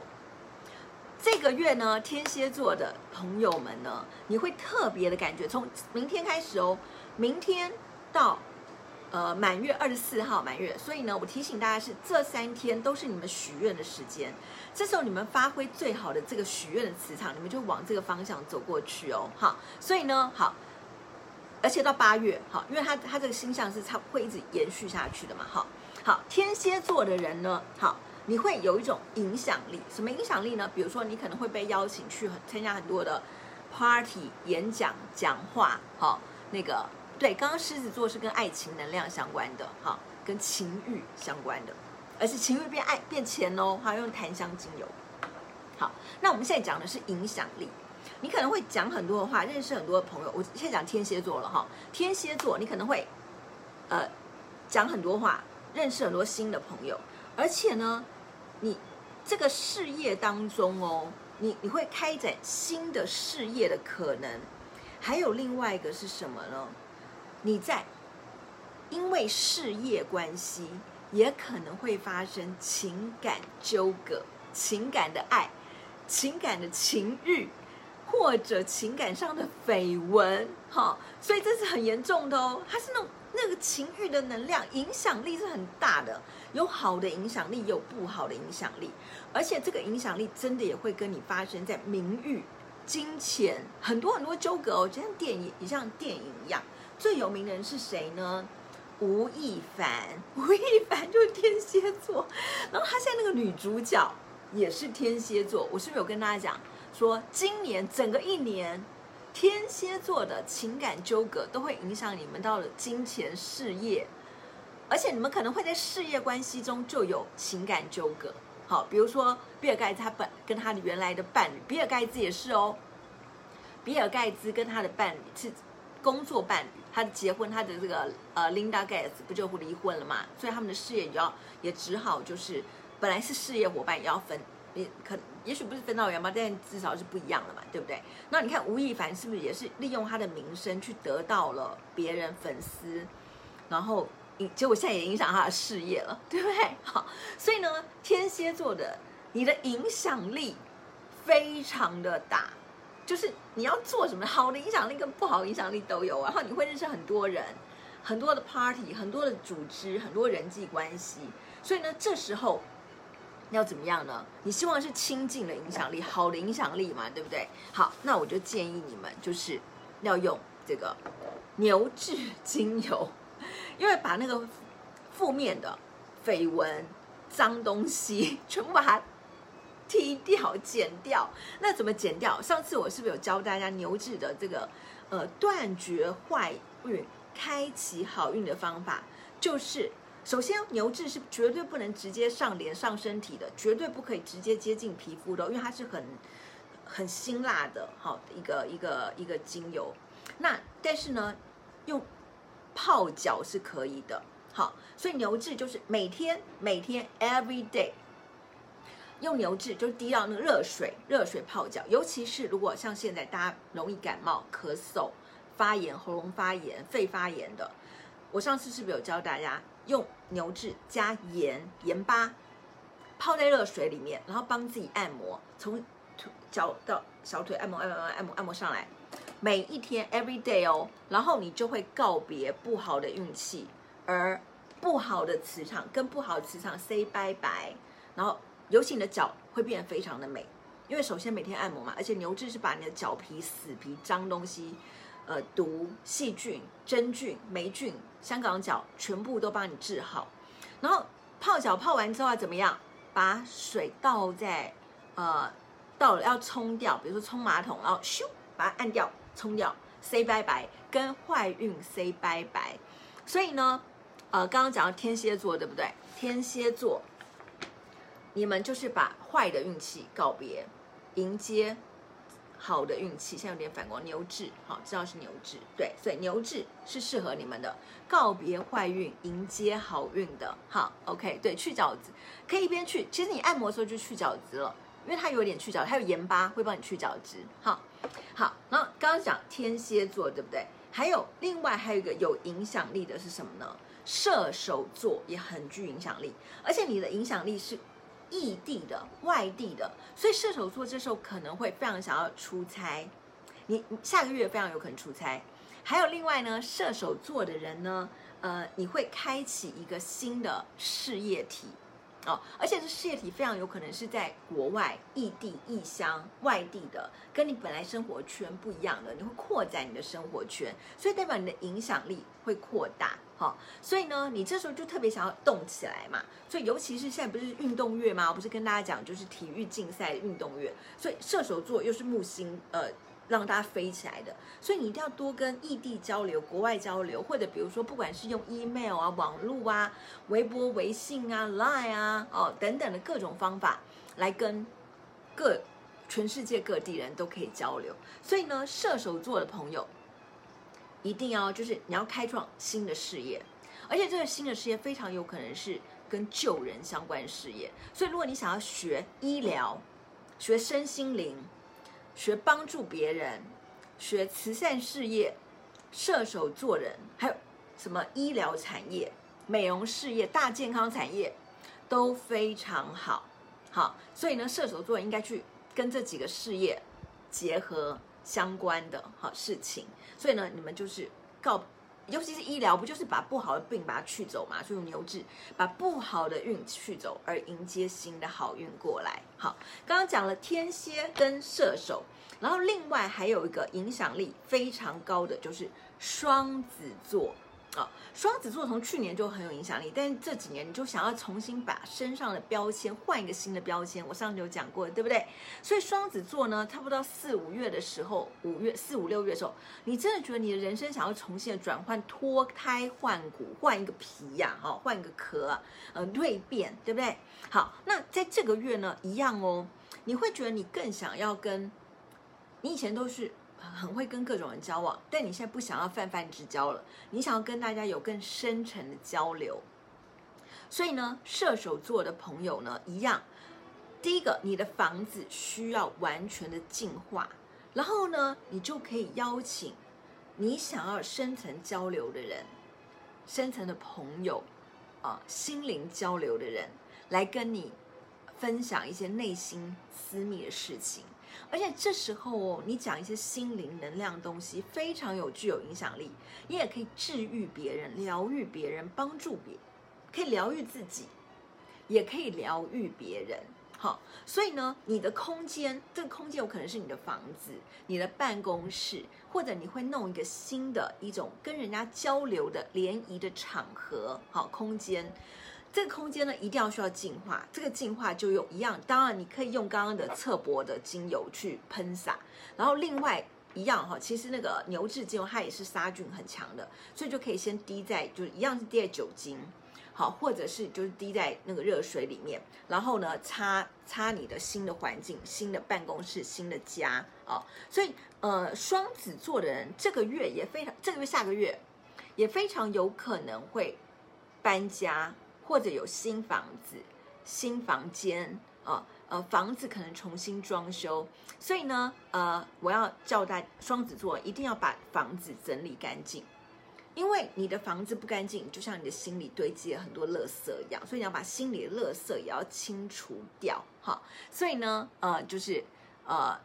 這個月呢，天蠍座的朋友們呢，你會特別的感覺。從明天開始哦，明天到呃滿月二十四號滿月，所以呢，我提醒大家是這三天都是你們許願的時間。這時候你們發揮最好的這個許願的磁場，你們就往這個方向走過去哦。好，所以呢，好，而且到八月好，因為他他這個星象是它會一直延續下去的嘛。好，好，天蠍座的人呢，好。你會有一種影響力，什麼影響力呢？比如說，你可能會被邀請去參加很多的 party、演講、講話，哈、哦，那個對，剛剛獅子座是跟愛情能量相關的，哈、哦，跟情欲相關的，而且情欲變愛變錢哦，還要用檀香精油。好，那我們現在講的是影響力，你可能會講很多的話，認識很多的朋友。我現在講天蠍座了，哈、哦，天蠍座你可能會呃講很多話，認識很多新的朋友，而且呢。你這個事業當中哦，你，你你會開展新的事業的可能，還有另外一個是什麼呢？你在因為事業關係，也可能會發生情感糾葛、情感的愛、情感的情欲，或者情感上的緋聞，哈，所以這是很嚴重的哦，它是那那個情欲的能量，影響力是很大的。有好的影響力，有不好的影響力，而且這個影響力真的也會跟你發生在名譽、金錢，很多很多糾葛哦，就像電影，也像電影一樣。最有名的人是誰呢？吳亦凡，吳亦凡就是天蠍座，然後他現在那個女主角也是天蠍座。我是不是有跟大家講說，今年整個一年，天蠍座的情感糾葛都會影響你們到了金錢事業。而且你們可能會在事業關係中就有情感糾葛，好，比如說比爾蓋茨他本跟他的原來的伴侶，比爾蓋茨也是哦，比爾蓋茨跟他的伴侶是工作伴侶，他的結婚，他的這個呃、uh，Linda Gates 不就離婚了嘛，所以他們的事業也要也只好就是本來是事業夥伴也要分，也可也許不是分道揚鑣，但至少是不一樣了嘛，對不對？那你看吳亦凡是不是也是利用他的名聲去得到了別人粉絲，然後。結果我現在也影響他的事業了，對不對？好，所以呢，天蠍座的你的影響力非常的大，就是你要做什麼好的影響力跟不好的影響力都有啊，然後你會認識很多人，很多的 party，很多的組織，很多人際關係。所以呢，這時候要怎麼樣呢？你希望是親近的影響力，好的影響力嘛，對不對？好，那我就建議你們就是要用這個牛至精油。因為把那個負面的緋聞、髒東西全部把它踢掉、剪掉，那怎麼剪掉？上次我是不是有教大家牛至的這個呃斷絕壞運、開啟好運的方法？就是首先牛至是絕對不能直接上臉、上身體的，絕對不可以直接接近皮膚的，哦，因為它是很很辛辣的，好，哦，一個一個一個精油。那但是呢，用。泡腳是可以的，好，所以牛至，就是每天每天 every day 用牛至，就滴到那個熱水，熱水泡腳。尤其是如果像現在大家容易感冒、咳嗽、發炎、喉嚨發炎、肺發炎的，我上次是不是有教大家用牛至加鹽鹽巴泡在熱水裡面，然後幫自己按摩，從腳到小腿按摩、按摩、按摩、按摩、按摩上來。每一天，every day 哦，然後你就會告別不好的運氣，而不好的磁場，跟不好的磁場 say bye bye，然後尤其你的腳會變得非常的美，因為首先每天按摩嘛，而且牛治是把你的腳皮、死皮、髒東西、呃毒、細菌、真菌、霉菌，香港腳全部都幫你治好。然後泡腳泡完之後要、啊、怎麼樣？把水倒在，呃，倒了要沖掉，比如說沖馬桶，然後咻把它按掉。沖掉，say bye bye，跟壞運 say bye bye，所以呢，呃，剛剛講到天蠍座，對不對？天蠍座，你們就是把壞的運氣告別，迎接好的運氣。現在有點反光，牛質，好、哦，知道是牛質，對，所以牛質是適合你們的，告別壞運，迎接好運的，好、哦，OK，對，去角質可以一邊去，其實你按摩的時候就去角質了。因為它有點去角，它有鹽巴會幫你去角質。好，好，那剛剛講天蠍座，對不對？還有另外還有一個有影響力的是什麼呢？射手座也很具影響力，而且你的影響力是異地的、外地的，所以射手座這時候可能會非常想要出差你。你下個月非常有可能出差。還有另外呢，射手座的人呢，呃，你會開啟一個新的事業體。哦，而且這事業體非常有可能是在國外、異地、異鄉、外地的，跟你本來生活圈不一樣的，你會擴展你的生活圈，所以代表你的影響力會擴大，哈、哦。所以呢，你這時候就特別想要動起來嘛。所以尤其是現在不是運動月嗎？我不是跟大家講就是體育競賽運動月，所以射手座又是木星，呃。讓大家飛起來的，所以你一定要多跟異地交流、國外交流，或者比如說，不管是用 email 啊、網路啊、微博、微信啊、Line 啊、哦等等的各種方法，來跟各全世界各地人都可以交流。所以呢，射手座的朋友一定要就是你要開創新的事業，而且這個新的事業非常有可能是跟救人相關事業。所以如果你想要學醫療、學身心靈。學幫助別人，學慈善事業，射手座人還有什麼醫療產業、美容事業、大健康產業都非常好，好，所以呢，射手座應該去跟這幾個事業結合相關的好事情，所以呢，你們就是告。尤其是醫療，不就是把不好的病把它去走嘛？就用牛治把不好的運去走，而迎接新的好運過來。好，剛剛講了天蠍跟射手，然後另外還有一個影響力非常高的就是雙子座。啊，雙子座從去年就很有影響力，但是這幾年你就想要重新把身上的標籤換一個新的標籤。我上次有講過，對不對？所以雙子座呢，差不多四五月的時候，五月四五六月的時候，你真的覺得你的人生想要重新的轉換，脫胎換骨，換一個皮呀，哈，換一個殼，啊，呃，蛻變，對不對？好，那在這個月呢，一樣哦，你會覺得你更想要跟你以前都是。很會跟各種人交往，但你現在不想要泛泛之交了，你想要跟大家有更深層的交流。所以呢，射手座的朋友呢，一樣，第一個，你的房子需要完全的淨化，然後呢，你就可以邀請你想要深層交流的人，深層的朋友，啊，心靈交流的人，來跟你分享一些內心私密的事情。而且這時候哦，你講一些心靈能量東西，非常有具有影響力。你也可以治癒別人，療癒別人，幫助別人，可以療癒自己，也可以療癒別人。好，所以呢，你的空間，這個空間有可能是你的房子、你的辦公室，或者你會弄一個新的一種跟人家交流的聯誼的場合，好，空間。這個空間呢，一定要需要淨化。這個淨化就用一樣，當然你可以用剛剛的側柏的精油去噴灑，然後另外一樣哈、哦，其實那個牛至精油它也是殺菌很強的，所以就可以先滴在，就是一樣是滴在酒精，好，或者是就是滴在那個熱水裡面，然後呢，擦擦你的新的環境、新的辦公室、新的家哦，所以呃，雙子座的人這個月也非常，這個月下個月也非常有可能會搬家。或者有新房子、新房間啊、呃，呃，房子可能重新裝修，所以呢，呃，我要交代雙子座一定要把房子整理乾淨，因為你的房子不乾淨，就像你的心裡堆積了很多垃圾一樣，所以你要把心裡的垃圾也要清除掉，哈。所以呢，呃，就是呃，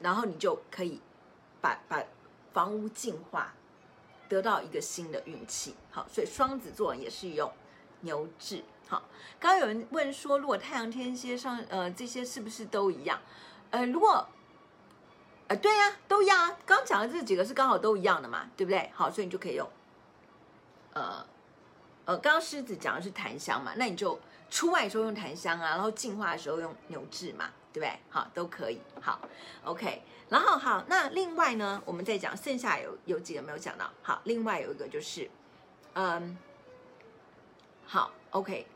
然後你就可以把把房屋淨化，得到一個新的運氣，好，所以雙子座也是用。牛脂，好。剛剛有人問說，如果太陽天蠍上，呃，這些是不是都一樣？呃，如果，呃，對呀，都一樣。剛剛講的這幾個是剛好都一樣的嘛，對不對？好，所以你就可以用，呃，呃，剛剛獅子講的是檀香嘛，那你就出外的時候用檀香啊，然後進化的時候用牛脂嘛，對不對？好，都可以。好，OK。然後好，那另外呢，我們再講剩下有有幾個沒有講到。好，另外有一個就是，嗯。好，OK，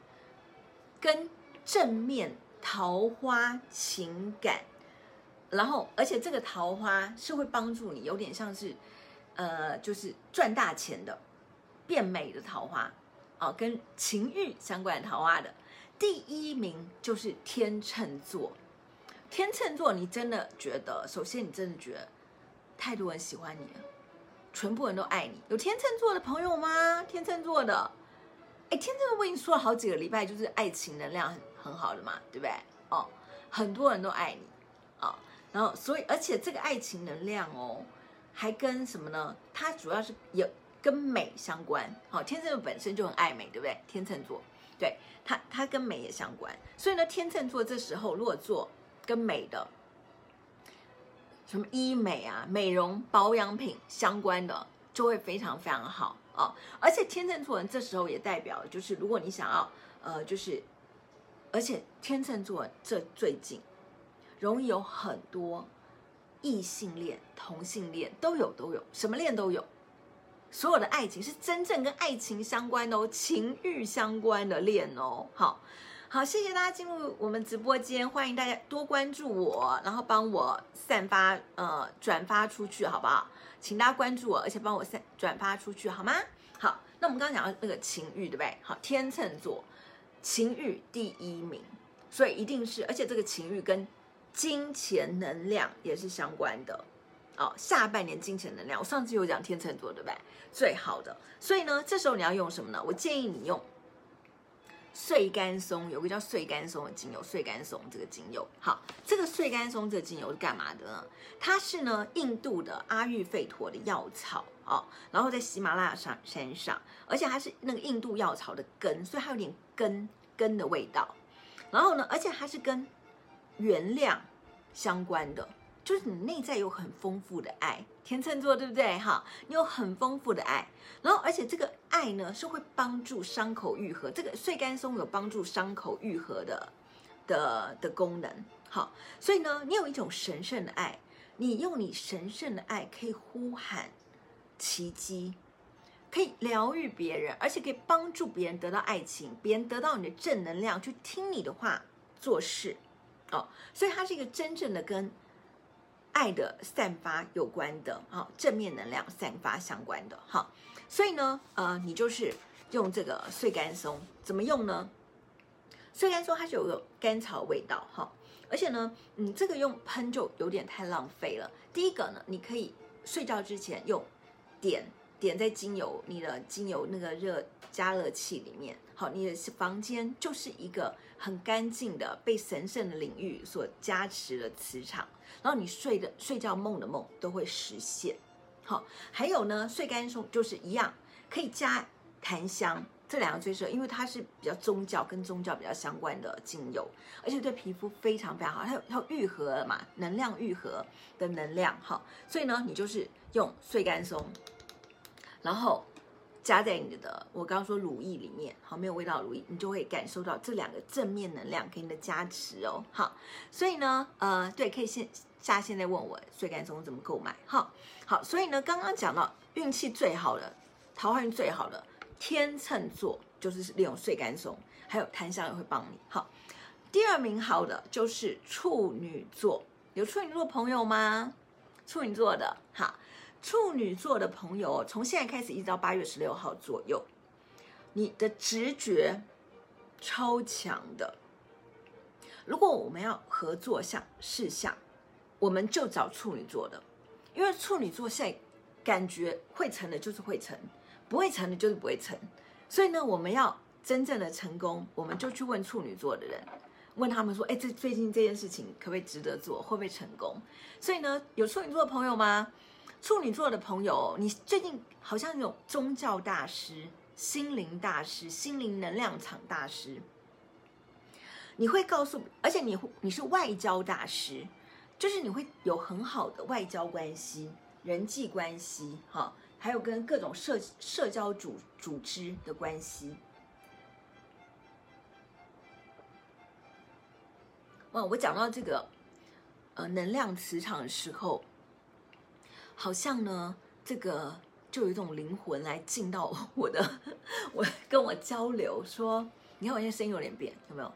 跟正面桃花情感，然後而且這個桃花是會幫助你，有點像是，呃，就是賺大錢的、變美的桃花，哦，跟情欲相關的桃花的，第一名就是天秤座。天秤座，你真的覺得？首先，你真的覺得太多人喜歡你了，全部人都愛你。有天秤座的朋友嗎？天秤座的。哎、欸，天秤座我已經說了好幾個禮拜，就是愛情能量很很好的嘛，對不對？哦，很多人都愛你，啊、哦，然後所以，而且這個愛情能量哦，還跟什麼呢？它主要是有，跟美相關。哦，天秤座本身就很愛美，對不對？天秤座，對它，它跟美也相關。所以呢，天秤座這時候如果做跟美的，什麼醫美啊、美容、保養品相關的。就會非常非常好哦，而且天秤座人這時候也代表，就是如果你想要，呃，就是，而且天秤座這最近容易有很多異性戀、同性戀都有，都有，都有什麼戀都有，所有的愛情是真正跟愛情相關的哦，情欲相關的戀哦。好，好，謝謝大家進入我們直播間，歡迎大家多關注我，然後幫我散發呃轉發出去，好不好？請大家關注我，而且幫我三轉發出去好嗎？好，那我們剛剛講到那個情欲，對不對？好，天秤座情欲第一名，所以一定是，而且這個情欲跟金錢能量也是相關的哦。下半年金錢能量，我上次有講天秤座，對不對？最好的，所以呢，這時候你要用什麼呢？我建議你用。穗甘松，有個叫穗甘松的精油，穗甘松這個精油好，這個穗甘松這個精油是幹嘛的呢？它是呢，印度的阿育吠陀的藥草哦，然後在喜馬拉雅山山上，而且它是那個印度藥草的根，所以它有點根根的味道。然後呢，而且它是跟原諒相關的。就是你內在有很豐富的愛，天秤座對不對？哈，你有很豐富的愛，然後而且這個愛呢是會幫助傷口癒合，這個穗甘松有幫助傷口癒合的的的功能。好，所以呢，你有一種神聖的愛，你用你神聖的愛可以呼喊奇蹟，可以療癒別人，而且可以幫助別人得到愛情，別人得到你的正能量，去聽你的話做事。哦，所以它是一個真正的根。愛的散發有關的哈、哦，正面能量散發相關的哈、哦，所以呢，呃，你就是用這個碎干松怎麼用呢？雖然說它就有個甘草味道哈、哦，而且呢，你這個用噴就有點太浪費了。第一個呢，你可以睡覺之前用點，點點在精油，你的精油那個熱。加熱器裡面，好，你的房間就是一個很乾淨的、被神聖的領域所加持的磁場，然後你睡的睡覺夢的夢都會實現，好，還有呢，睡甘松就是一樣，可以加檀香，這兩個最適合，因為它是比較宗教跟宗教比較相關的精油，而且對皮膚非常非常好，它有它有癒合嘛，能量癒合的能量，好，所以呢，你就是用睡甘松，然後。加在你的，我剛剛說乳液裡面，好，沒有味道乳液，你就會感受到這兩個正面能量給你的加持哦。好，所以呢，呃，對，可以現下現在問我穗甘松怎麼購買，哈，好，所以呢，剛剛講到運氣最好的，桃花運最好的天秤座，就是利用穗甘松，還有檀香也會幫你。好，第二名好的就是處女座，有處女座朋友嗎？處女座的，好。處女座的朋友，哦，從現在開始一直到八月十六號左右，你的直覺超強的。如果我們要合作，像事項，我們就找處女座的，因為處女座現在感覺會成的就是會成，不會成的就是不會成。所以呢，我們要真正的成功，我們就去問處女座的人，問他們說：“哎、欸，這最近這件事情可不可以值得做，會不會成功？”所以呢，有處女座的朋友嗎？處女座的朋友，你最近好像有宗教大師、心靈大師、心靈能量場大師，你會告訴，而且你你是外交大師，就是你會有很好的外交關係、人際關係，哈、哦，還有跟各種社社交組組織的關係。哇，我講到這個，呃，能量磁場的時候。好像呢，這個就有一種靈魂來進到我的，我跟我交流說：“你看我現在聲音有點變，有沒有？”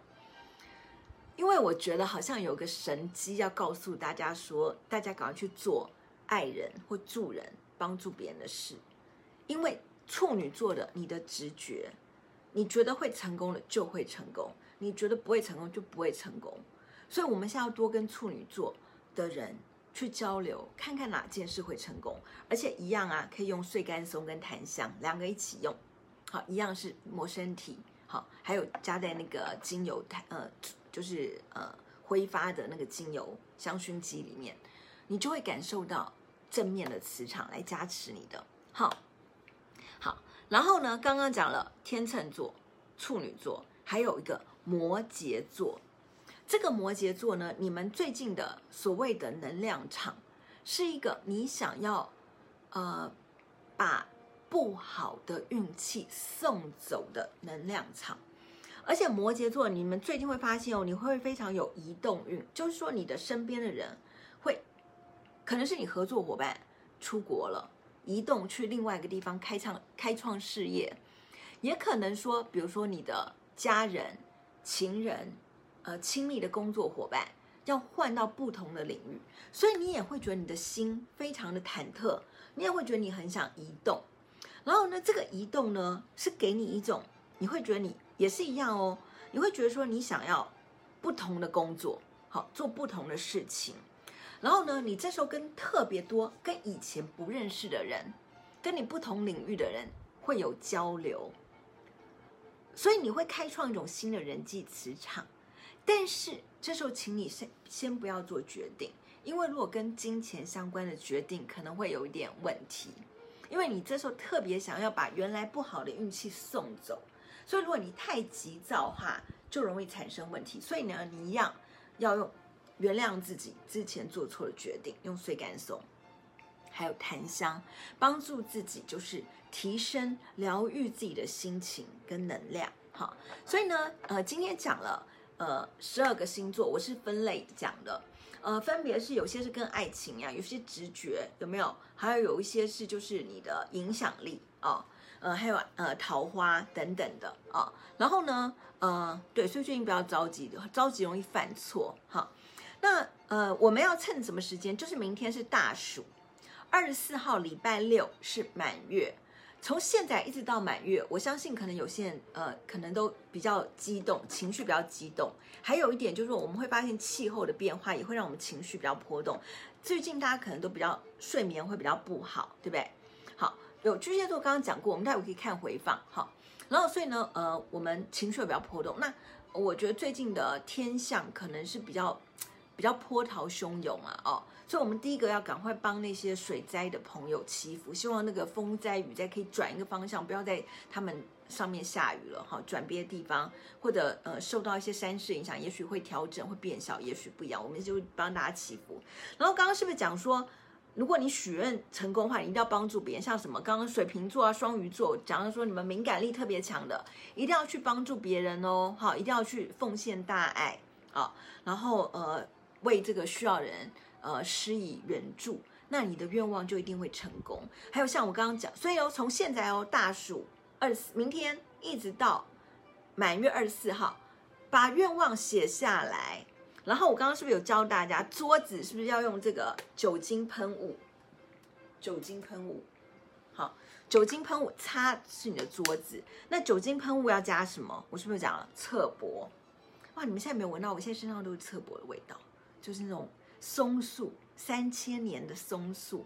因為我覺得好像有個神機要告訴大家說，大家趕快去做愛人或助人、幫助別人的事。因為處女座的，你的直覺，你覺得會成功的就會成功，你覺得不會成功就不會成功。所以我們現在要多跟處女座的人。去交流，看看哪件事會成功，而且一樣啊，可以用穗甘松跟檀香兩個一起用，好，一樣是抹身體，好，還有加在那個精油，呃，就是呃揮發的那個精油香薰機裡面，你就會感受到正面的磁場來加持你的，好好，然後呢，剛剛講了天秤座、處女座，還有一個摩羯座。這個摩羯座呢，你們最近的所謂的能量場，是一個你想要，呃，把不好的運氣送走的能量場。而且摩羯座，你們最近會發現哦，你會非常有移動運，就是說你的身邊的人會，可能是你合作夥伴出國了，移動去另外一個地方開創開創事業，也可能說，比如說你的家人、情人。親密的工作夥伴要換到不同的領域，所以你也會覺得你的心非常的忐忑，你也會覺得你很想移動。然後呢，這個移動呢是給你一種，你會覺得你也是一樣哦，你會覺得說你想要不同的工作，好做不同的事情。然後呢，你這時候跟特別多跟以前不認識的人，跟你不同領域的人會有交流，所以你會開創一種新的人際磁場。但是這時候，請你先先不要做決定，因為如果跟金錢相關的決定可能會有一點問題，因為你這時候特別想要把原來不好的運氣送走，所以如果你太急躁的話，就容易產生問題。所以呢，你一樣要用原諒自己之前做錯的決定，用穗甘松，還有檀香，幫助自己就是提升、療癒自己的心情跟能量。好，所以呢，呃，今天講了。呃，十二個星座我是分類講的，呃，分別是有些是跟愛情呀，有些直覺有沒有？還有有一些是就是你的影響力啊，呃，還有呃桃花等等的啊。然後呢，呃，對，所以最近不要着急，着急容易犯錯哈，啊。那呃，我們要趁什麼時間？就是明天是大暑，二十四號禮拜六是滿月。從現在一直到滿月，我相信可能有些人，呃，可能都比較激動，情緒比較激動。還有一點就是，我們會發現氣候的變化也會讓我們情緒比較波動。最近大家可能都比較睡眠會比較不好，對不對？好，有巨蟹座剛剛講過，我們待會可以看回放。好，然後所以呢，呃，我們情緒也比較波動。那我覺得最近的天象可能是比較。比較波濤洶湧啊，哦，所以我們第一個要趕快幫那些水災的朋友祈福，希望那個風災雨災可以轉一個方向，不要在他們上面下雨了哈。轉、哦、別的地方或者呃受到一些山勢影響，也許會調整，會變小，也許不一樣。我們就幫大家祈福。然後剛剛是不是講說，如果你許願成功的話，你一定要幫助別人，像什麼剛剛水瓶座啊、雙魚座，講說你們敏感力特別強的，一定要去幫助別人哦，好，一定要去奉獻大愛啊。然後呃。為這個需要的人，呃，施以援助，那你的願望就一定會成功。還有像我剛剛講，所以哦，從現在哦，大暑二十，明天一直到滿月二十四號，把願望寫下來。然後我剛剛是不是有教大家，桌子是不是要用這個酒精噴霧？酒精噴霧，好，酒精噴霧擦是你的桌子。那酒精噴霧要加什麼？我是不是講了側柏？哇，你們現在沒有聞到？我現在身上都是側柏的味道。就是那種松樹，三千年的松樹，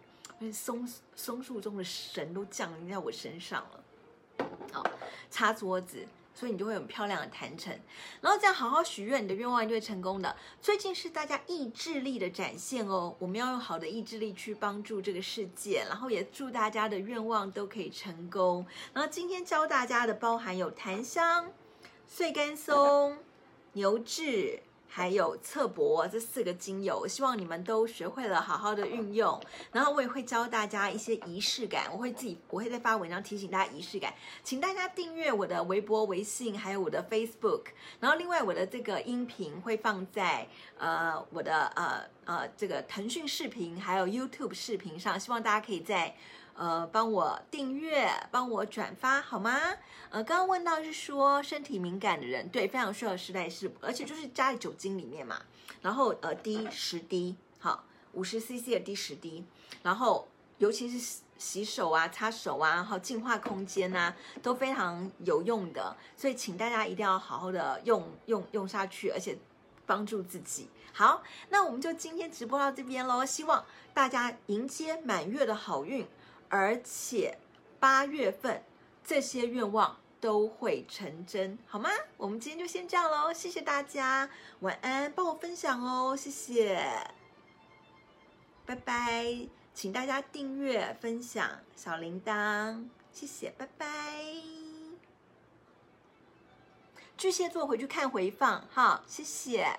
松松樹中的神都降臨在我身上了。好，擦桌子，所以你就會有很漂亮的壇城，然後這樣好好許願，你的願望就會成功的。最近是大家意志力的展現哦，我們要用好的意志力去幫助這個世界，然後也祝大家的願望都可以成功。然後今天教大家的包含有檀香、碎甘松、牛至。還有側柏這四個精油，希望你們都學會了，好好的運用。然後我也會教大家一些儀式感，我會自己我會再發文章提醒大家儀式感，請大家訂閱我的微博、微信，還有我的 Facebook。然後另外我的這個音頻會放在呃我的呃呃這個騰訊視頻，還有 YouTube 視頻上，希望大家可以在。呃，幫我訂閱，幫我轉發，好嗎？呃，剛剛問到是說身體敏感的人，對，非常適合時代是而且就是加在酒精裡面嘛。然後呃，滴十滴，好，五十 CC 的滴十滴。然後尤其是洗手啊、擦手啊、好淨化空間吶、啊，都非常有用的。所以請大家一定要好好的用用用下去，而且幫助自己。好，那我們就今天直播到這邊嘍，希望大家迎接滿月的好運。而且八月份這些願望都會成真，好嗎？我們今天就先這樣嘍，謝謝大家，晚安，幫我分享哦，謝謝，拜拜，請大家訂閱、分享、小鈴鐺，謝謝，拜拜，巨蟹座回去看回放哈，謝謝。